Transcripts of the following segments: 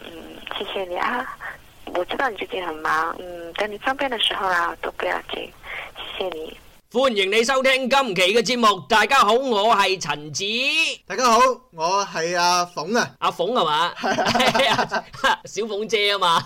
嗯，謝謝你啊，我知道你最近很忙，嗯，等你方便的時候啊都不要緊，謝謝你。歡迎你收聽今期嘅節目，大家好，我係陳子，大家好，我係阿鳳啊，阿鳳係嘛？係啊，小鳳姐啊嘛，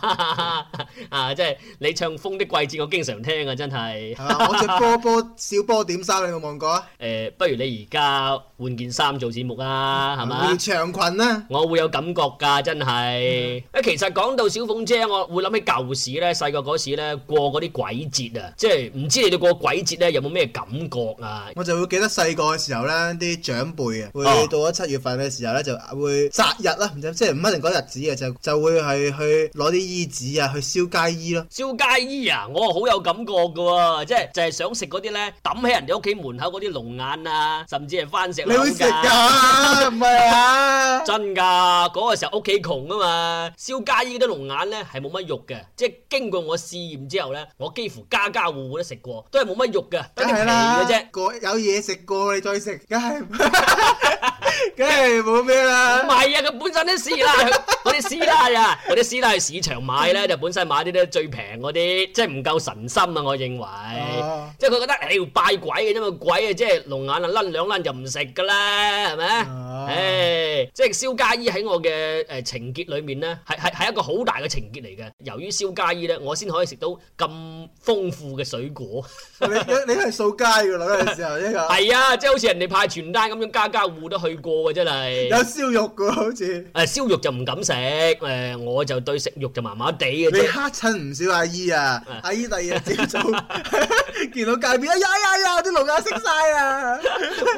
啊，即係你唱《風的季節》，我經常聽啊，真係。我着波波小波點衫，你有冇望過啊？誒，不如你而家換件衫做節目啊？係嘛？換長裙啦，我會有感覺噶，真係。啊，其實講到小鳳姐，我會諗起舊時咧，細個嗰時咧過嗰啲鬼節啊，即係唔知你哋過鬼節咧有冇咩？咩感覺啊？我就會記得細個嘅時候咧，啲長輩啊，會到咗七月份嘅時候咧，就會擇日啦，即係唔一定嗰日子啊，就就會係去攞啲衣紙啊，去燒街衣咯。燒街衣啊，我好有感覺嘅喎、啊，即係就係、是、想食嗰啲咧抌喺人哋屋企門口嗰啲龍眼啊，甚至係番石榴你會食㗎？唔係啊！啊 真㗎，嗰、那個時候屋企窮啊嘛，燒街衣啲龍眼咧係冇乜肉嘅，即、就、係、是、經過我試驗之後咧，我幾乎家家戶戶都食過，都係冇乜肉嘅。 係啦，有嘢食過你再食，梗係。梗係冇咩啦，唔係啊！佢本身啲師奶，嗰啲師奶啊，嗰啲師奶去市場買咧，就本身買啲咧最平嗰啲，即係唔夠神心啊！我認為，即係佢覺得，你要，拜鬼嘅啫嘛，鬼啊！即係龍眼啊，甩兩甩就唔食噶啦，係咪？唉，即係燒街衣喺我嘅誒情結裏面咧，係係係一個好大嘅情結嚟嘅。由於燒街衣咧，我先可以食到咁豐富嘅水果。你你係掃街㗎啦，嗰陣時候，一個係啊，即係好似人哋派傳單咁樣，家家戶都去過。真係有燒肉嘅好似誒、啊、燒肉就唔敢食誒、呃，我就對食肉就麻麻地嘅。你嚇親唔少阿姨啊！啊阿姨第二日朝早 見到街面啊呀呀呀，啲樓價升晒啊！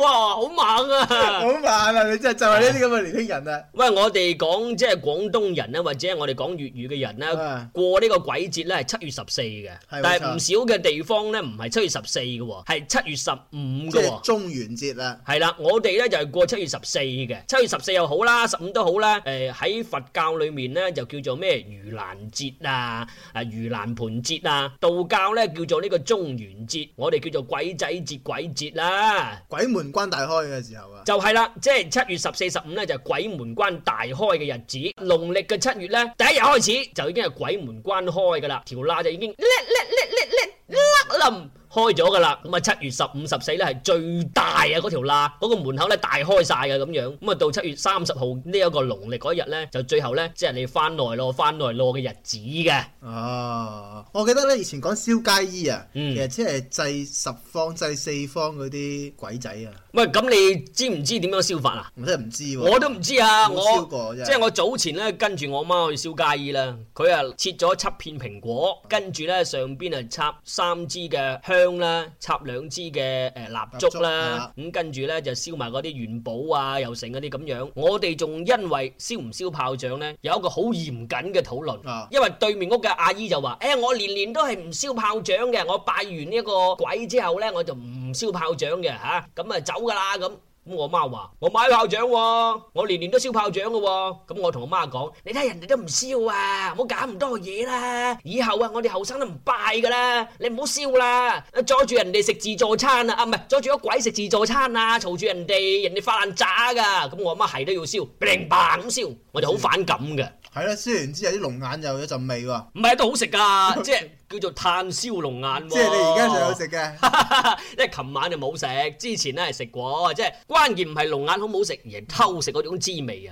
哇，好猛啊！好猛啊！你真係就係呢啲咁嘅年輕人啊！啊、喂，我哋講即係廣東人咧，或者我哋講粵語嘅人咧，過呢個鬼節咧係七月十四嘅，啊、但係唔少嘅地方咧唔係七月十四嘅喎，係七月十五嘅喎。即係中元節啊！係啦，我哋咧就係過七月十四嘅七月十四又好啦，十五都好啦。誒喺佛教裏面咧就叫做咩盂蘭節啊，啊盂蘭盆節啊。道教咧叫做呢個中元節，我哋叫做鬼仔節、鬼節啦。鬼門關大開嘅時候啊，就係啦，即係七月十四、十五咧就係鬼門關大開嘅日子。農曆嘅七月咧第一日開始就已經係鬼門關開噶啦，條罅就已經叻叻叻叻叻甩龍。開咗噶啦，咁啊七月十五十四咧係最大啊，嗰條罅嗰、那個門口咧大開晒嘅咁樣，咁啊到七月三十號呢一個農曆嗰日咧，就最後咧即係你翻來咯翻來咯嘅日子嘅。哦、啊，我記得咧以前講燒街衣啊，嗯、其實即係祭十方祭四方嗰啲鬼仔啊。喂，咁你知唔知點樣燒法啊？我真係唔知，我都唔知啊！我即係、啊我，就是、我早前咧跟住我媽去燒街衣啦，佢啊切咗七片蘋果，跟住咧上邊係插三支嘅香。香啦，插兩支嘅誒蠟燭啦，咁燭跟住咧就燒埋嗰啲元寶啊，又成嗰啲咁樣。我哋仲因為燒唔燒炮仗咧，有一個好嚴謹嘅討論。啊、因為對面屋嘅阿姨就話，誒、欸，我年年都係唔燒炮仗嘅，我拜完呢一個鬼之後咧，我就唔燒炮仗嘅，吓、啊，咁啊走㗎喇咁。咁我媽話我買炮仗、啊，我年年都燒炮仗噶、啊。咁我同我媽講，你睇人哋都唔燒啊，唔好搞咁多嘢啦。以後啊，我哋後生都唔拜噶啦，你唔好燒啦，阻住人哋食自助餐啊，唔、啊、係阻住個鬼食自助餐啊，嘈住人哋，人哋發爛渣噶。咁我媽係都要燒，砰砰咁燒，我就好反感嘅。係咯，雖然之後龍有啲龍眼又有陣味喎。唔係都好食噶， 即係叫做炭燒龍眼啊。即係你而家最好食嘅。 因為琴晚就冇食，之前咧係食過，即係關鍵唔係龍眼好唔好食，而係偷食嗰種滋味啊！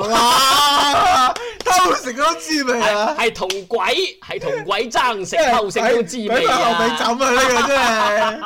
哇啊 偷食嗰種滋味啊！係同鬼，係同鬼爭食偷食嗰種滋味啊！俾走俾斬啊！呢個真係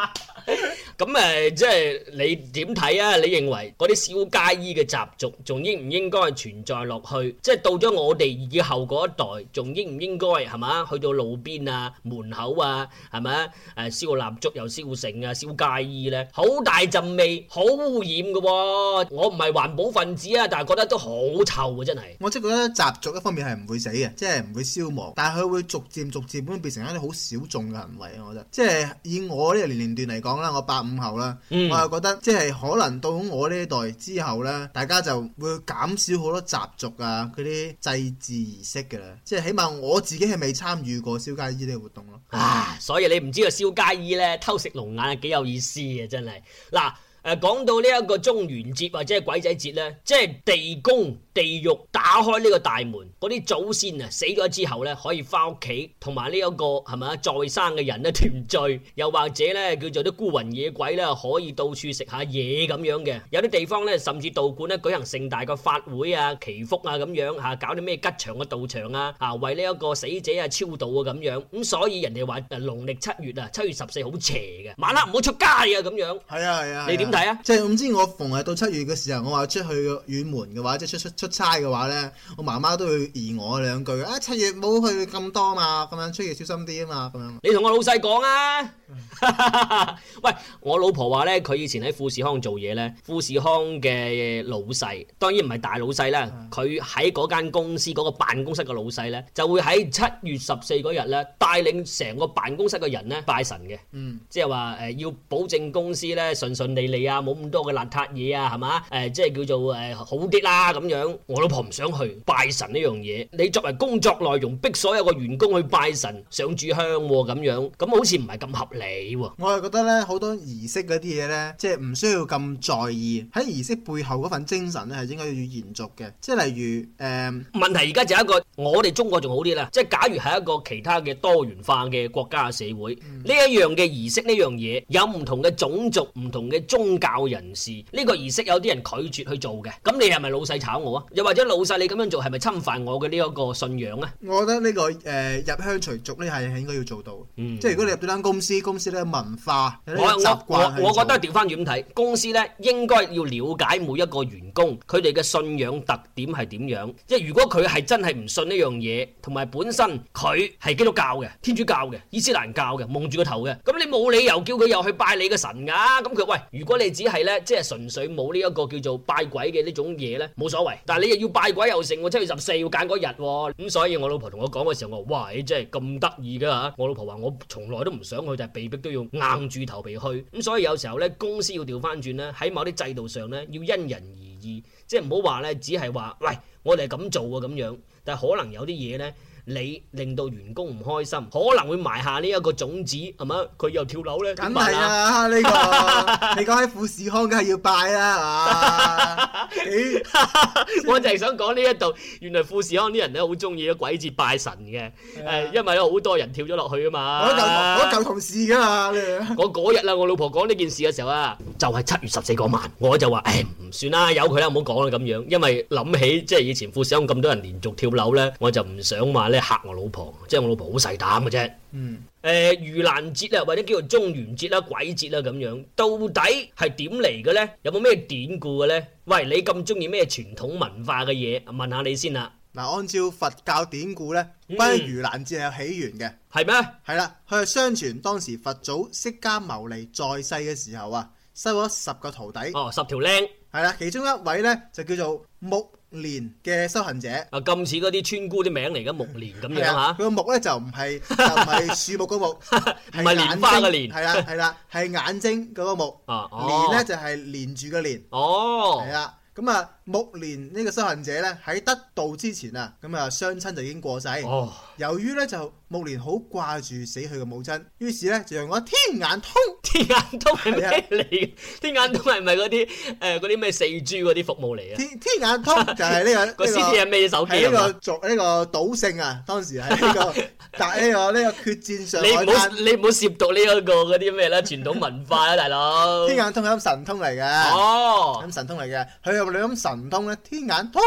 ～ 咁誒、嗯，即係你點睇啊？你認為嗰啲燒街衣嘅習俗，仲應唔應該存在落去？即係到咗我哋以後嗰一代，仲應唔應該係嘛？去到路邊啊、門口啊，係咪啊？誒、呃、燒蠟燭又燒成啊，燒街衣咧，好大陣味，好污染嘅喎、哦！我唔係環保分子啊，但係覺得都好臭啊。真係。我即係覺得習俗一方面係唔會死嘅，即係唔會消亡，但係佢會逐漸逐漸變成一啲好小眾嘅行為。我覺得，即係以我呢個年齡段嚟講啦，我八後啦，嗯、我又覺得即係可能到我呢代之後呢，大家就會減少好多習俗啊，嗰啲祭祀儀式噶啦，即係起碼我自己係未參與過燒街衣呢個活動咯。啊，所以你唔知道燒街衣呢偷食龍眼係幾有意思嘅，真係嗱。誒，講到呢一個中元節或者係鬼仔節咧，即係地宮、地獄打開呢個大門，嗰啲祖先啊死咗之後咧，可以翻屋企，同埋、這個、呢一個係咪啊再生嘅人咧團聚，又或者咧叫做啲孤魂野鬼咧可以到處食下嘢，咁樣嘅。有啲地方咧、嗯、甚至道觀咧舉行盛大嘅法會啊、祈福啊咁樣吓，搞啲咩吉祥嘅道場啊，吓為呢一個死者啊超度啊咁樣。咁所以人哋話誒，農曆七月啊，七月十四好邪嘅，晚黑唔好出街啊咁樣。係啊係啊， s s. s s 你點？即係唔知我逢係到七月嘅時候，我話出去個遠門嘅話，即係出出出差嘅話咧，我媽媽都會疑我兩句，啊、哎、七月冇去咁多嘛，咁樣七月小心啲啊嘛，咁樣。你同我老細講啊！ 喂，我老婆話呢，佢以前喺富士康做嘢呢富士康嘅老細，當然唔係大老細啦，佢喺嗰間公司嗰、嗰個辦公室嘅老細呢，就會喺七月十四嗰日呢，帶領成個辦公室嘅人呢拜神嘅，嗯，即係話誒要保證公司呢順順利利啊，冇咁多嘅邋遢嘢啊，係、呃、嘛，誒即係叫做誒、呃、好啲啦咁樣。我老婆唔想去拜神呢樣嘢，你作為工作內容逼所有嘅員工去拜神上炷香咁、啊、樣，咁好似唔係咁合理。你喎，我又覺得咧好多儀式嗰啲嘢咧，即係唔需要咁在意。喺儀式背後嗰份精神咧，係應該要延續嘅。即係例如誒、嗯、問題，而家就係一個，我哋中國仲好啲啦。即係假如係一個其他嘅多元化嘅國家嘅社會，呢一、嗯、樣嘅儀式呢樣嘢，有唔同嘅種族、唔同嘅宗教人士，呢、呢個儀式有啲人拒絕去做嘅。咁你係咪老細炒我啊？又或者老細你咁樣做係咪侵犯我嘅呢一個信仰啊？我覺得呢、呢個誒、呃、入鄉隨俗呢係應該要做到。嗯、即係如果你入咗間公司。公司咧文化我，我我，我覺得調翻轉睇，公司咧應該要了解每一個員工，佢哋嘅信仰特點係點樣。即係如果佢係真係唔信呢樣嘢，同埋本身佢係基督教嘅、天主教嘅、伊斯蘭教嘅、蒙住個頭嘅，咁你冇理由叫佢又去拜你個神噶、啊。咁佢喂，如果你只係咧，即係純粹冇呢一個叫做拜鬼嘅呢種嘢咧，冇所謂。但係你又要拜鬼又成喎，七月十四要揀嗰日，咁所以我老婆同我講嘅時候，我話哇，你真係咁得意噶吓。我老婆話我從來都唔想去，就係被迫都要硬住頭皮去，咁所以有時候咧，公司要調翻轉咧，喺某啲制度上咧，要因人而異，即係唔好話咧，只係話，喂，我哋係咁做啊咁樣，但係可能有啲嘢咧。你令到員工唔開心，可能會埋下呢一個種子，係咪啊？佢又跳樓咧，梗係啦！呢個你講喺富士康梗係要拜啦，係嘛？我就係想講呢一度，原來富士康啲人咧好中意咧鬼節拜神嘅，誒，因為咧好多人跳咗落去啊嘛！我舊我舊同事㗎嘛，我嗰日啦，我老婆講呢件事嘅時候啊，就係七月十四嗰晚，我就話誒唔算啦，由佢啦，唔好講啦咁樣，因為諗起即係以前富士康咁多人連續跳樓咧，我就唔想話。你嚇我老婆，即係我老婆好細膽嘅啫。嗯，誒、呃，盂蘭節啦，或者叫做中元節啦、鬼節啦咁樣，到底係點嚟嘅咧？有冇咩典故嘅咧？喂，你咁中意咩傳統文化嘅嘢？問下你先啦。嗱，按照佛教典故咧，關於盂蘭節係有起源嘅，係咩、嗯？係啦，佢係相傳當時佛祖釋迦牟尼在世嘅時候啊，收咗十個徒弟。哦，十條靚。係啦，其中一位咧就叫做木。蓮嘅修行者啊，咁似嗰啲村姑啲名嚟嘅木蓮咁樣吓，佢個、 啊、木咧就唔係就唔係樹木嗰個木，唔係蓮花嘅蓮，係啦係啦，係眼睛嗰個、 啊、木，蓮咧、啊哦、就係連住嘅蓮，係啦、哦，咁啊木蓮呢個修行者咧喺得道之前啊，咁啊雙親就已經過世。哦由於咧就目連好掛住死去嘅母親，於是咧就用個天眼通。天眼通係咩嚟？啊、天眼通係咪嗰啲誒嗰啲咩四 G 嗰啲服務嚟嘅？天眼通就係呢、這個呢、 這個喺呢、 這個做呢、這個賭聖啊！當時係呢、這個但呢、 這個呢、這個決戰上你唔好你唔好褻瀆、這個、呢一個嗰啲咩啦傳統文化啊，大佬、哦！天眼通係咁神通嚟嘅，哦！咁神通嚟嘅，佢用兩種神通咧，天眼通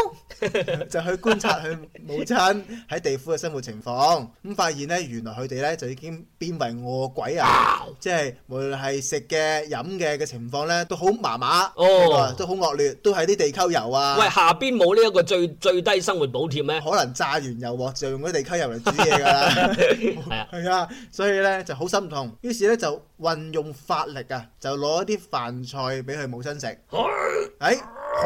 就去觀察佢母親喺地府嘅生活情。房咁發現咧，原來佢哋咧就已經變為餓鬼啊！即係無論係食嘅、飲嘅嘅情況咧，哦、都好麻麻，都好惡劣，都係啲地溝油啊！喂，下邊冇呢一個最最低生活補貼咩？可能炸完油鑊就用啲地溝油嚟煮嘢㗎啦，係 啊， 啊，所以咧就好心痛，於是咧就運用法力啊，就攞啲飯菜俾佢母親食。哎，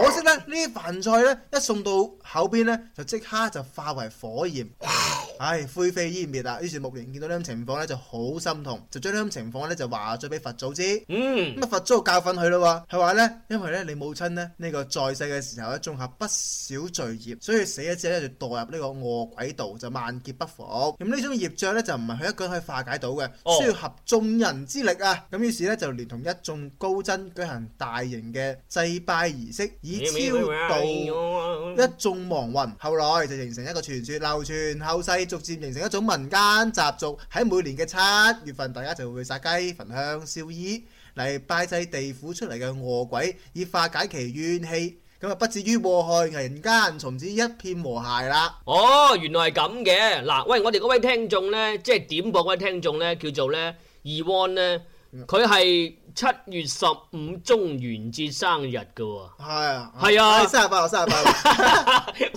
可惜咧呢啲飯菜咧一送到口邊咧，就即刻就化為火焰。啊。唉、哎，灰飛煙滅啦。於是目連見到呢啲情況咧，就好心痛，就將呢啲情況咧就話咗俾佛祖知。嗯，咁佛祖教訓佢啦，佢話咧，因為咧你母親呢，呢、呢個在世嘅時候咧種下不少罪孽，所以死咗之後咧就墮入呢個惡鬼道，就萬劫不復。咁呢種業障咧就唔係佢一個人可以化解到嘅，哦、需要合眾人之力啊。咁於是咧就連同一眾高僧舉行大型嘅祭拜儀式，以超度一眾亡魂。後來就形成一個傳説，流傳後世。逐漸形成一種民間習俗，喺每年嘅七月份，大家就會去殺雞、焚香、燒衣嚟拜祭地府出嚟嘅惡鬼，以化解其怨氣，咁啊，不至於禍害人間，從此一片和諧啦。哦，原來係咁嘅。嗱，喂，我哋嗰位聽眾呢，即係點播嗰位聽眾呢，叫做呢二 one 呢。佢係七月十五中元節生日嘅喎，係啊，係是啊，哎，三十八號，三十八號，唔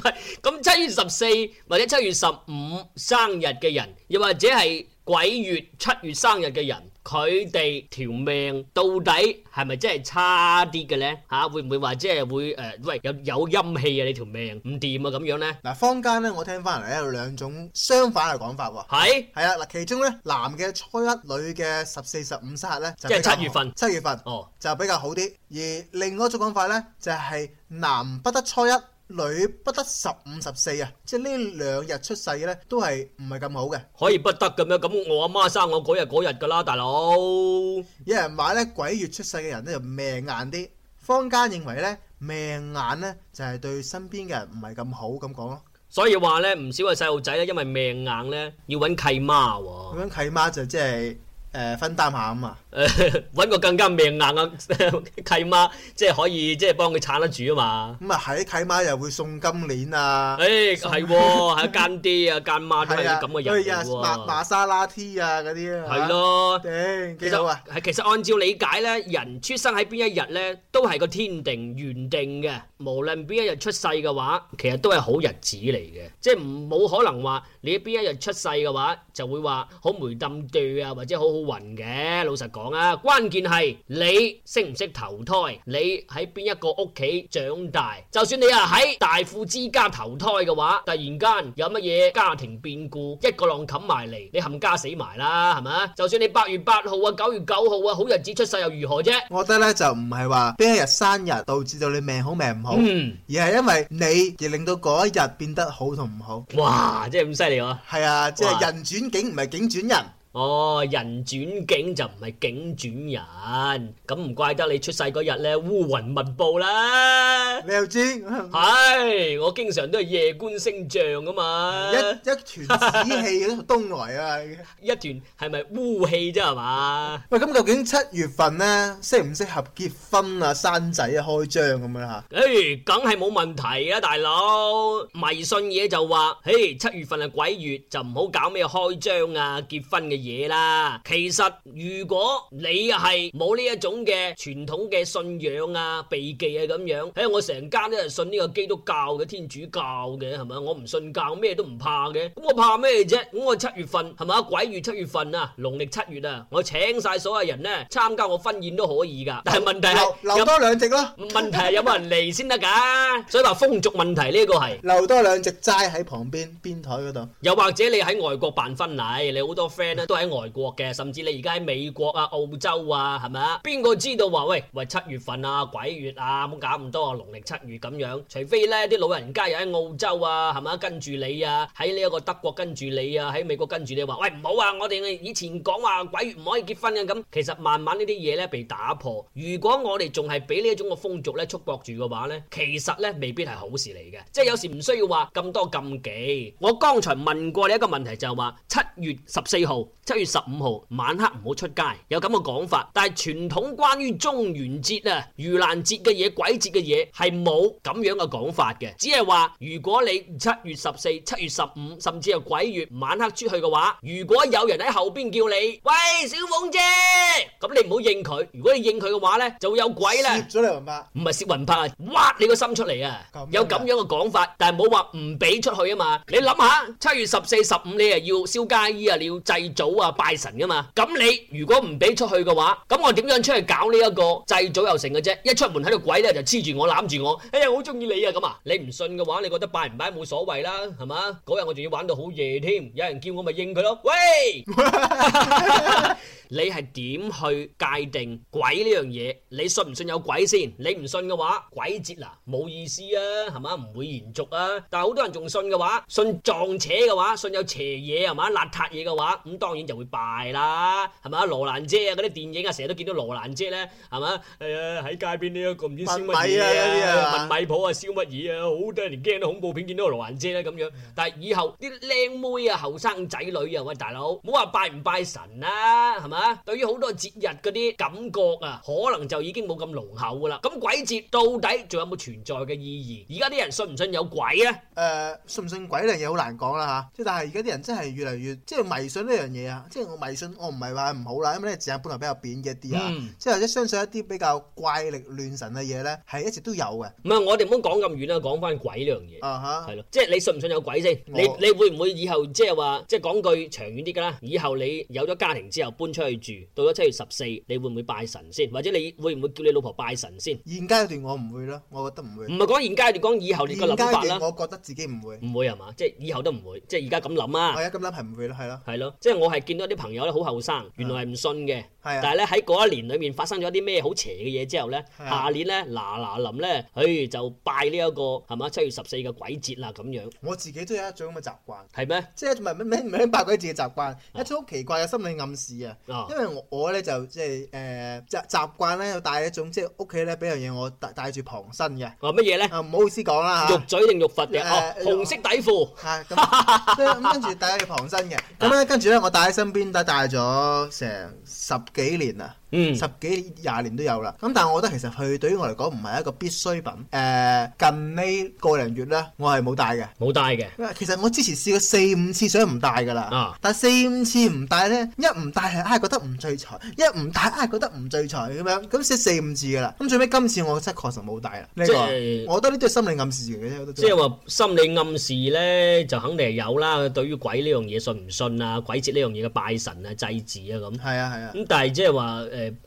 咁七月十四或者七月十五生日嘅人，又或者係鬼月七月生日嘅人。佢哋條命到底係咪真係差啲嘅呢？嚇、啊，會唔會話即係會誒？喂、呃，有有陰氣啊！你條命唔掂啊！咁樣呢，嗱，坊間呢，我聽翻嚟咧有兩種相反嘅講法喎。係係啊，嗱，其中呢，男嘅初一，女嘅十四、十五、卅日咧，即係七月份。七月份哦，就比較好啲、哦。而另外一種講法呢，就係、是、男不得初一。女不得十五十四啊！即係呢兩日出世呢都係唔係咁好嘅。可以不得嘅咩？咁我阿媽生我嗰日嗰日噶啦，大佬。有人話呢，鬼月出世嘅人呢就命硬啲。坊間認為呢，命硬呢就係對身邊嘅人唔係咁好，咁講咯。所以話呢，唔少嘅細路仔呢，因為命硬呢要揾契媽喎。咁樣契媽就即係。誒，分擔下啊嘛！誒，搵個更加命硬啊契媽，即係可以，即係幫佢撐得住啊嘛！咁啊，喺契媽又會送金鏈啊！誒，係喎，係契爹啊，契媽都係咁嘅人嚟啊，馬莎拉蒂啊，嗰啲啊，係咯。其實係其實按照理解咧，人出生喺邊一日咧，都係個天定，原定嘅。無論邊一日出世嘅話，其實都係好日子嚟嘅。即係唔冇可能話你喺邊一日出世嘅話，就會話好霉冧對啊，或者好好。云嘅，老實講啊，關鍵係你識唔識投胎，你喺邊一個屋企長大。就算你啊喺大富之家投胎嘅話，突然間有乜嘢家庭變故，一個浪冚埋嚟，你冚家死埋啦，係咪？就算你八月八號啊，九月九號啊，好日子出世又如何啫？我覺得咧就唔係話邊一日生日導致到你命好命唔好，嗯，而係因為你而令到嗰一日變得好同唔好。哇，即係咁犀利啊！係啊，即係人轉境唔係境轉人。哦，人轉景就唔係景轉人，咁唔怪得你出世嗰日咧烏雲密布啦。你又知？係我經常都係夜觀星象㗎嘛。一一團紫氣嗰度東來啊！一團係咪烏氣啫係嘛？喂，咁究竟七月份咧適唔適合結婚啊、生仔啊、開張咁樣嚇？誒，梗係冇問題啊，大佬迷信嘢就話，誒七月份係鬼月，就唔好搞咩開張啊、結婚嘅。嘢啦，其實如果你係冇呢一種嘅傳統嘅信仰啊、避忌啊咁樣，喺、哎、我成間都係信呢個基督教嘅天主教嘅，係咪？我唔信教，咩都唔怕嘅，咁我怕咩啫？咁我七月份係咪？鬼月七月份啊，農曆七月啊，我請晒所有人咧參加我婚宴都可以噶。但係問題係留，留，留多兩隻咯。問題係有冇人嚟先得噶。 所以話風俗問題呢、呢個係留多兩隻齋喺旁邊邊台嗰度。又或者你喺外國辦婚禮，你好多 friend 咧、啊。都喺外國嘅，甚至你而家喺美國啊、澳洲啊，係咪啊？邊個知道話喂？喂，七月份啊，鬼月啊，冇搞咁多啊！農曆七月咁樣，除非咧啲老人家又喺澳洲啊，係咪啊？跟住你啊，喺呢一個德國跟住你啊，喺美國跟住你話喂，唔好啊！我哋以前講話鬼月唔可以結婚啊。咁，其實慢慢呢啲嘢咧被打破。如果我哋仲係俾呢一種嘅風俗咧束縛住嘅話咧，其實咧未必係好事嚟嘅。即係有時唔需要話咁多禁忌。我剛才問過你一個問題，就係話七月十四號。七月十五號晚黑唔好出街，有咁嘅講法。但係傳統關於中元節啊、盂蘭節嘅嘢、鬼節嘅嘢係冇咁樣嘅講法嘅，只係話如果你七月十四、七月十五，甚至係鬼月晚黑出去嘅話，如果有人喺後邊叫你喂，小鳳姐，咁你唔好應佢。如果你應佢嘅話呢，就會有鬼啦。攝咗你魂魄，唔係攝魂魄，挖你個心出嚟啊！有咁樣嘅講法，但係唔好話唔俾出去啊嘛。你諗下，七月十四、十五你啊要燒街衣啊，你要祭祖。好啊，拜神噶嘛，咁你如果唔俾出去嘅話，咁我點樣出去搞呢一個祭祖又成嘅啫？一出門喺度鬼咧就黐住我攬住我，哎呀好中意你啊咁啊！你唔信嘅話，你覺得拜唔拜冇所謂啦，係嘛？嗰日我仲要玩到好夜添，有人叫我咪應佢咯。喂，你係點去界定鬼呢樣嘢？你信唔信有鬼先？你唔信嘅話，鬼節啦冇意思啊，係嘛？唔會延續啊。但係好多人仲信嘅話，信撞邪嘅話，信有邪嘢係嘛邋遢嘢嘅話，咁當然。就會拜啦，係咪啊？羅蘭姐啊，嗰啲電影啊，成日都見到羅蘭姐咧，係咪啊？誒喺街邊呢一個唔知燒乜嘢啊？文米啊嗰啲啊，文米鋪啊燒乜嘢啊？好多人驚啲恐怖片見到羅蘭姐咧咁樣，但係以後啲靚妹啊、後生仔女啊，喂大佬，唔好話拜唔拜神啦，係咪啊？對於好多節日嗰啲感覺啊，可能就已經冇咁濃厚噶啦。咁鬼節到底仲有冇存在嘅意義？而家啲人信唔信有鬼啊？誒，信唔信鬼呢樣嘢好難講啦嚇。即係但係而家啲人真係越嚟越即係迷信呢樣嘢啊！即係我迷信，我唔係話唔好啦，因為呢個字眼本來比較貶嘅啲啊，嗯、即係或者相信一啲比較怪力亂神嘅嘢咧，係一直都有嘅。唔係我哋唔好講咁遠啦，講翻鬼呢樣嘢，係咯、uh huh，即係你信唔信有鬼先、oh？你你會唔會以後即係話，即係講句長遠啲噶啦？以後你有咗家庭之後搬出去住，到咗七月十四，你會唔會拜神先？或者你會唔會叫你老婆拜神先？現階段我唔會咯，我覺得唔會。唔係講現階段，講以後你嘅諗法啦。我覺得自己唔會。唔會係嘛？即係以後都唔會，即係而家咁諗啊？係啊， 咁諗係唔會咯，係咯。係咯，即係我係。見到啲朋友咧好後生，原來係唔信嘅。係啊是的！但係咧喺嗰一年裏面發生咗啲咩好邪嘅嘢之後咧，下年咧嗱嗱臨咧，佢就拜呢、這、一個係嘛七月十四嘅鬼節啦咁樣。我自己都有一種咁嘅習慣，係咩嗎？即係唔係唔係拜鬼節嘅習慣？一種好奇怪嘅心理暗示啊！因為我我咧就即係誒習習慣咧有帶一種即係屋企咧俾樣嘢我帶帶住旁身嘅。哦、啊，乜嘢咧？唔、嗯、好意思講啦、啊，肉嘴定肉佛嘅哦、oh, 呃呃呃呃，紅色底褲。係咁、 嗯，跟住帶住旁身嘅。咁咧、 嗯、跟住咧我帶。身邊都帶咗成十幾年啦。嗯、十幾廿年都有啦。咁但係我覺得其實佢對於我嚟講唔係一個必需品。誒、呃，近個呢個零月咧，我係冇帶嘅，冇帶嘅。其實我之前試過四五次想唔帶㗎啦。啊、但係四五次唔帶咧，一唔帶係覺得唔聚財，一唔帶係覺得唔聚財咁樣。咁試四五次㗎啦。咁最尾今次我真係確實冇帶啦。即係我覺得呢啲係心理暗示嚟嘅啫。即係話心理暗示咧，就肯定係有啦。對於鬼呢樣嘢信唔信啊？鬼節呢樣嘢嘅拜神啊、祭祀啊咁。係啊係啊。咁但係即係話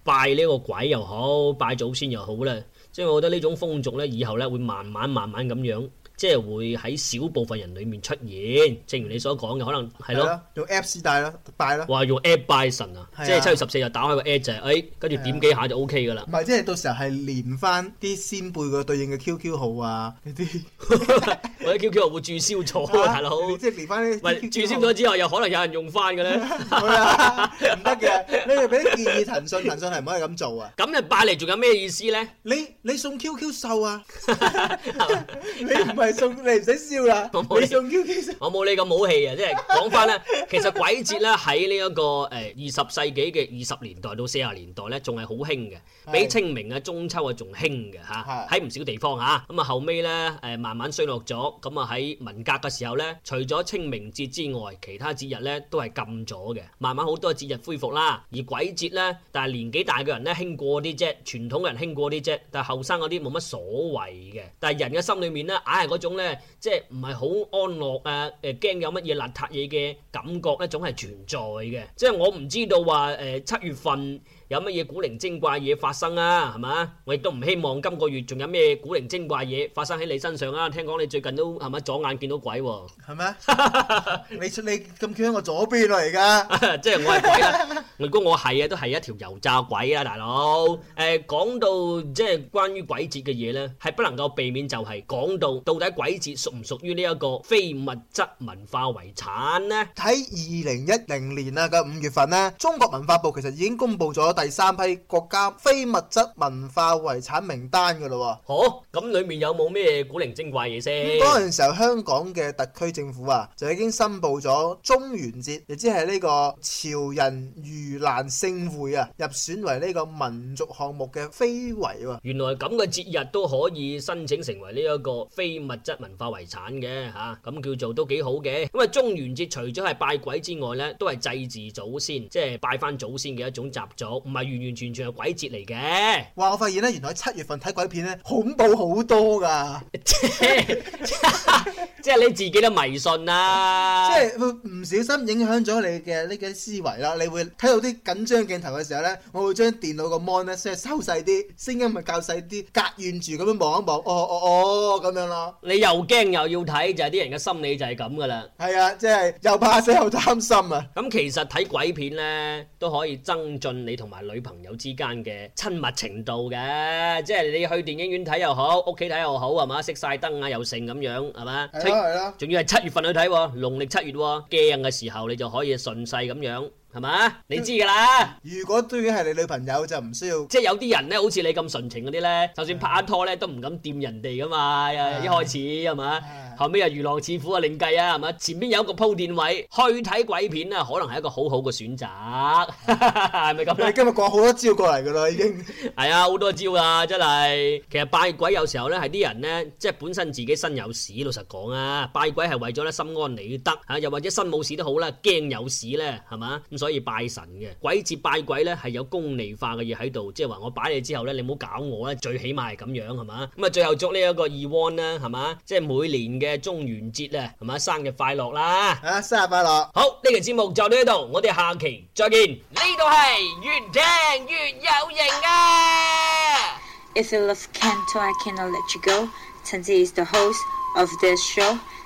拜呢個鬼又好，拜祖先又好啦，即係我覺得呢種風俗咧，以後咧會慢慢慢慢咁樣。即係會喺少部分人裡面出現，正如你所講嘅，可能係咯。用 App 拜啦，拜啦。話用 App 拜神啊，即係七月十四日打開個 App 啫、哎，誒，跟住點幾下就 OK 噶啦。唔係、啊，即係、啊、到時候係連翻啲先輩個對應嘅 QQ 號啊，嗰啲 啊。或者 QQ 號會註銷咗，係啦、啊，即係連翻啲，唔係註銷咗之後又可能有人用翻嘅咧。唔得嘅，你哋俾啲建議騰訊，騰訊係唔可以咁做啊。咁你拜嚟仲有咩意思咧？你你送 QQ 秀啊？ 你係 送你唔使笑啦，我冇你咁武器啊！ 即係講翻咧，其實鬼節咧喺呢一個誒二十世紀嘅二十年代到四十年代咧，仲係好興嘅，比清明啊、中秋啊仲興嘅嚇。喺唔的少地方嚇咁啊，後尾咧誒慢慢衰落咗。咁啊喺文革嘅時候咧，除咗清明節之外，其他節日咧都係禁咗嘅。慢慢好多節日恢復啦，而鬼節咧，但係年紀大嘅人咧興過啲啫，傳統人興過啲啫，但係後生嗰啲冇乜所謂嘅。但係人嘅心裡面咧，硬係。嗰種咧，即係唔係好安樂啊！誒，驚有乜嘢邋遢嘢嘅感覺咧，總係存在嘅，即係我唔知道話誒七月份。有乜嘢古靈精怪嘢發生啊？係嘛？我亦都唔希望今個月仲有咩古靈精怪嘢發生喺你身上啊！聽講你最近都係咪左眼見到鬼喎？係咩？你你咁企喺我左邊嚟㗎？即係我係鬼啊！如果 我係啊， 我我都係一條油炸鬼啊，大佬！誒、呃，講到即係關於鬼節嘅嘢咧，係不能夠避免就係講到到底鬼節屬唔屬於呢一個非物質文化遺產呢？喺二零一零年啊嘅五月份呢，中國文化部其實已經公布咗。第三批國家非物質文化遺產名單嘅咯喎，好，咁裏面有冇咩古靈精怪嘢先？咁嗰陣時候，香港嘅特區政府啊，就已經申報咗中元節，亦即係呢個潮人盂蘭盛會啊，入選為呢個民族項目嘅非遺喎。原來咁嘅節日都可以申請成為呢一個非物質文化遺產嘅，吓，咁叫做都幾好嘅。咁啊，中元節除咗係拜鬼之外呢，都係祭祀祖先，即係拜翻祖先嘅一種習俗。唔係完完全全係鬼節嚟嘅。哇！我發現呢，原來七月份睇鬼片呢，恐怖好多噶。即係你自己都迷信啦。即係會唔小心影響咗你嘅呢啲思維啦。你會睇到啲緊張鏡頭嘅時候呢，我會將電腦個 mon 呢收細啲，聲音咪較細啲，隔遠住咁樣望一望，哦哦哦咁、哦、樣咯。你又驚又要睇，就係、是、啲人嘅心理就係咁噶啦。係啊，即係又怕死又貪心啊。咁 其實睇鬼片呢，都可以增進你同。女朋友之間嘅親密程度嘅，即係你去電影院睇又好，屋企睇又好，係嘛？熄晒燈啊，又剩咁樣，係嘛？係啦，係啦，仲要係七月份去睇喎、啊，農曆七月喎、啊，驚嘅時候你就可以順勢咁樣。係嘛？就你知噶啦。如果對應係你女朋友就唔需要。即係有啲人咧，好似你咁純情嗰啲咧，就算拍拖咧都唔敢掂人哋噶嘛。的一開始係嘛，的後尾啊如狼似虎啊另計啊，係嘛。前邊有一個鋪墊位，去睇鬼片啊， 可能係一個好好嘅選擇，係咪？咁你今日講好多招過嚟噶啦，已經。係啊，好多招啦，真係。其實拜鬼有時候咧，係啲人咧，即係本身自己身有屎，老實講啊，拜鬼係為咗咧心安理得嚇，又或者身冇事都好啦，驚有屎咧係嘛？.所以拜神嘅鬼節拜鬼咧係有功利化嘅嘢喺度，即係話我擺你之後咧，你唔好搞我啦，最起碼係咁樣係嘛。咁啊最後祝呢一個 Evan 啦係嘛，即係每年嘅中元節啊係嘛，生日快樂啦！啊生日快樂！好，呢期節目就到呢度，我哋下期再見。呢度係越聽越有型啊！If you love Kanto, I can't let you go. Tansy is the host of this show.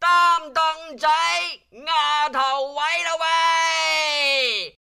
擔凳仔，霸頭位啦喂！